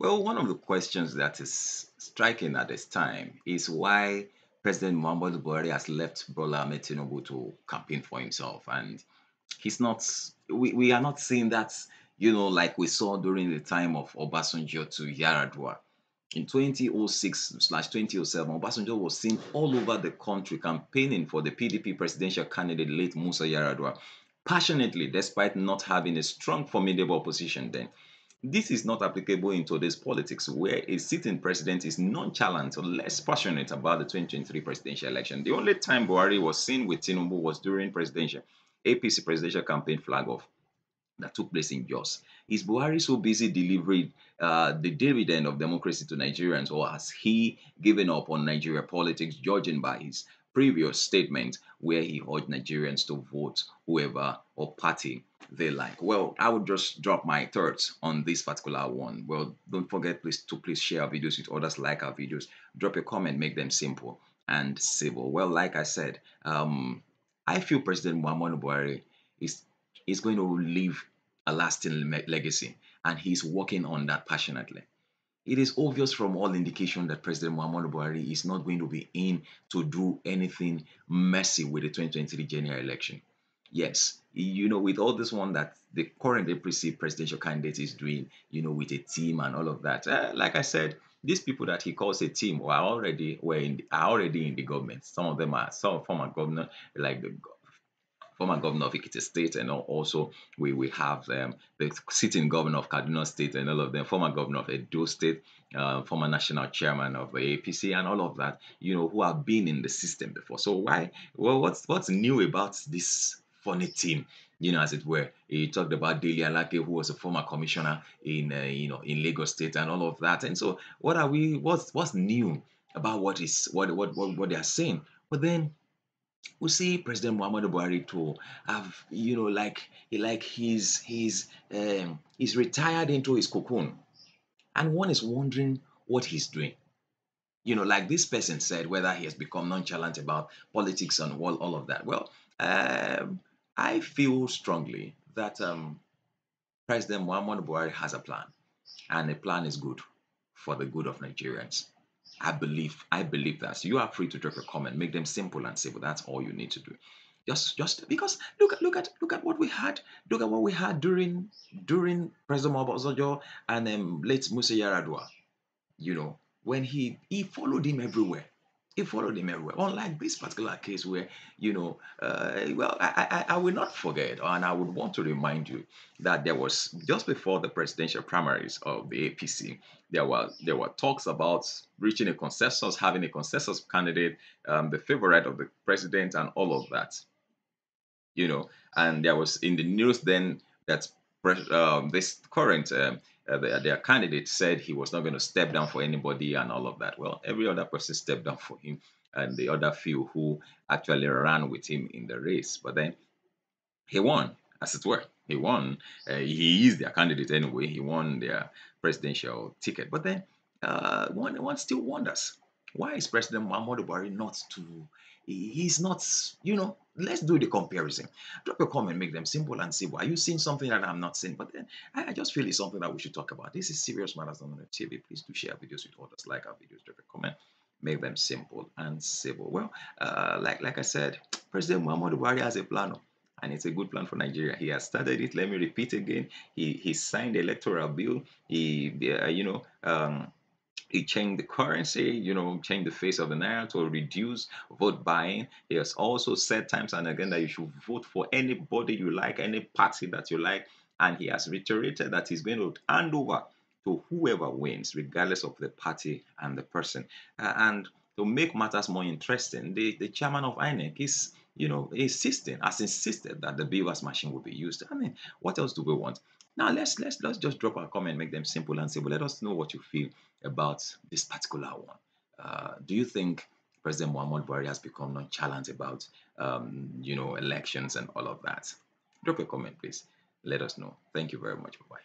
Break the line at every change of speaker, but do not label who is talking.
Well, one of the questions that is striking at this time is why President Muhammadu Buhari has left Bola Tinubu to campaign for himself, and he's not. We, we are not seeing that, you know, like we saw during the time of Obasanjo to Yaradua. In 2006 slash 2007, Obasanjo was seen all over the country campaigning for the PDP presidential candidate, late Musa Yaradua, passionately, despite not having a strong, formidable opposition then. This is not applicable in today's politics, where a sitting president is nonchalant or less passionate about the 2023 presidential election. The only time Buhari was seen with Tinubu was during presidential APC presidential campaign flag off that took place in Jos. Is Buhari so busy delivering uh, the dividend of democracy to Nigerians, or has he given up on Nigeria politics, judging by his previous statement where he urged Nigerians to vote whoever or party they like. Well, I would just drop my thoughts on this particular one. Well, don't forget please to please share our videos with others, like our videos, drop a comment, make them simple and civil. Well, like I said, um, I feel President Muhammadu Buhari is is going to leave a lasting legacy, and he's working on that passionately. It is obvious from all indication that President Muhammadu Buhari is not going to be in to do anything messy with the 2023 general election. Yes, you know, with all this one that the current APC presidential candidate is doing, you know, with a team and all of that. Uh, like I said, these people that he calls a team were already were in, are already in the government. Some of them are some former governor, like the former governor of Ikiti State, and also we, we have um, the sitting governor of Kaduna State and all of them, former governor of Edo State, uh, former national chairman of the APC, and all of that, you know, who have been in the system before. So why? Well, what's what's new about this funny team, you know, as it were. He talked about Delia Alake, who was a former commissioner in, uh, you know, in Lagos State and all of that. And so, what are we? What's what's new about what is what what what, what they are saying? But then we see President Muhammadu Buhari too have you know like like he's he's um, he's retired into his cocoon, and one is wondering what he's doing. You know, like this person said, whether he has become nonchalant about politics and all, all of that. Well, um, I feel strongly that um, President Muhammad Buhari has a plan, and the plan is good for the good of Nigerians. I believe, I believe that. So you are free to drop a comment, make them simple and simple. That's all you need to do. Just, just because look at, look at, look at what we had. Look at what we had during, during President Muhammad Obasanjo and um, late Musa Yaradua. You know, when he he followed him everywhere. He followed him everywhere. Unlike this particular case where, you know, uh, well, I, I, I will not forget, and I would want to remind you that there was just before the presidential primaries of the APC, there were there were talks about reaching a consensus, having a consensus candidate, um, the favorite of the president, and all of that. You know, and there was in the news then that um, this current um, uh, their candidate said he was not going to step down for anybody and all of that. Well, every other person stepped down for him and the other few who actually ran with him in the race. But then he won, as it were. He won. Uh, he is their candidate anyway. He won their presidential ticket. But then uh, one, one still wonders why is President Muhammadu Buhari not to? He's not, you know, let's do the comparison. Drop a comment, make them simple and simple. Are you seeing something that I'm not seeing? But then I, just feel it's something that we should talk about. This is Serious Matters on the TV. Please do share videos with others, like our videos, drop a comment, make them simple and civil. Well, uh, like like I said, President Muhammadu Buhari has a plan. Oh, and it's a good plan for Nigeria. He has started it. Let me repeat again. He he signed the electoral bill. He uh, you know um, he changed the currency, you know, changed the face of the naira to reduce vote buying. He has also said times and again that you should vote for anybody you like, any party that you like. And he has reiterated that he's going to hand over to whoever wins, regardless of the party and the person. Uh, and to make matters more interesting, the, the chairman of INEC is you know, insisting, has insisted that the Beavers machine will be used. I mean, what else do we want? Now let's let's let's just drop our comment, make them simple and simple. Let us know what you feel about this particular one. Uh, do you think President Muhammad Buhari has become nonchalant about um, you know elections and all of that? Drop a comment, please. Let us know. Thank you very much. Bye bye.